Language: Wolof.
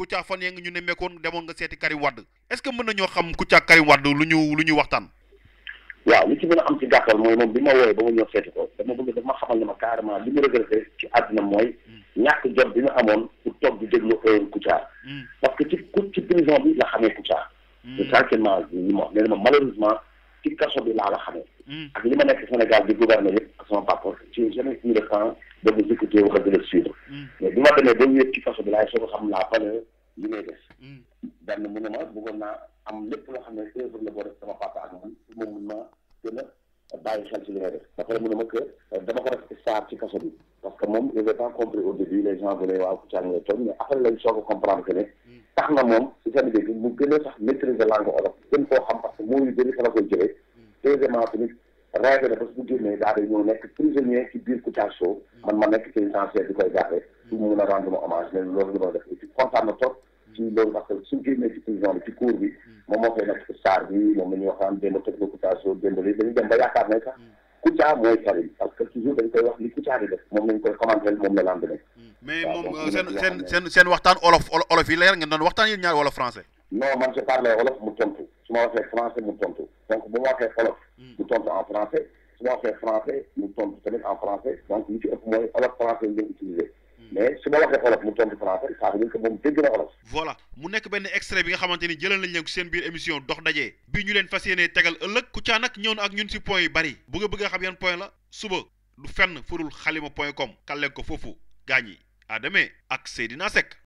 Kouthia fan yee nga ñu nemmeekoon demoon nga seeti Karim Wade est-ce que mën xam Kouthia Karim Wade lu ñu lu ñu waxtaan. waaw li ci mën a am ci gàttal mooy moom bi ma wooyee ba ma ñëw seeti ko dama bëgg dama xamal ne ma carrément li mu regretté ci àddina mooy hmm. ñàkk jot bi ñu amoon pour toog di déglu heure Kouthia. Hmm. parce que ci ci prison bi la xamee Kouthia. Hmm. essentiellement li ma wax nee na ma malheureusement ci kaso bi laa la xamee. ak li ma nekk Sénégal di gouverner yëpp ak sama papa ci jeunesse mille dama écouté wax dëgg suivre mm. mais bi ma demee ba kaso bi laay soog a xam laa valeur li ngay def daan mm. na ma bëggoon naa am lépp loo xam ne œuvre la boo def sama papa ak man pour moom mun ma gën a bàyyi xel ci li ngay def ba pare mu ne ma que euh, dama ko def star ci kaso bi parce que moom il avait pas compris au début les gens voulaient waaw Kouthia ngay tooñ mais après lañ soog a comprendre que ne mm. tax na moom si seen dégg mu gën a sax maîtriser langue olof gën koo xam parce que moo yu bëri la koy jëlee deuxièmement tamit rêve dafa su génnee daa day ñëw nekk prisonnier ci biir Kouthia man ma nekk pénitentiaire di koy garde su mu mën a rendre ma bi moom moo koy nekk star bi moom la ñuy waxaan démb tëj ko Kouthia démb li dañu dem ba yaakaar ne sax Kouthia mooy Karim parce koy wax moom lañ koy commenté moom euh, seen seen waxtaan olof olof mu tontu su ma waxee français mu tontu donc bu waxee olof tontu en français su ma waxee français mu tontu tamit en français donc li ci ëpp mooy olof français hmm. su ma waxee olof mu tontu français saa bi ko moom dégg na olof. voilà mu nekk benn extrait bi nga xamante ni jëlal nañ seen biir émission dox daje. bi ñu leen fas yéenee tegal ëllëg Kouthia nag ñëw na ak ñun si point yu bari. bu nga bëgg a xam yan point la suba du fenn furul xalima point com. kale ko foofu gaañ yi à demain ak dinaa Seck.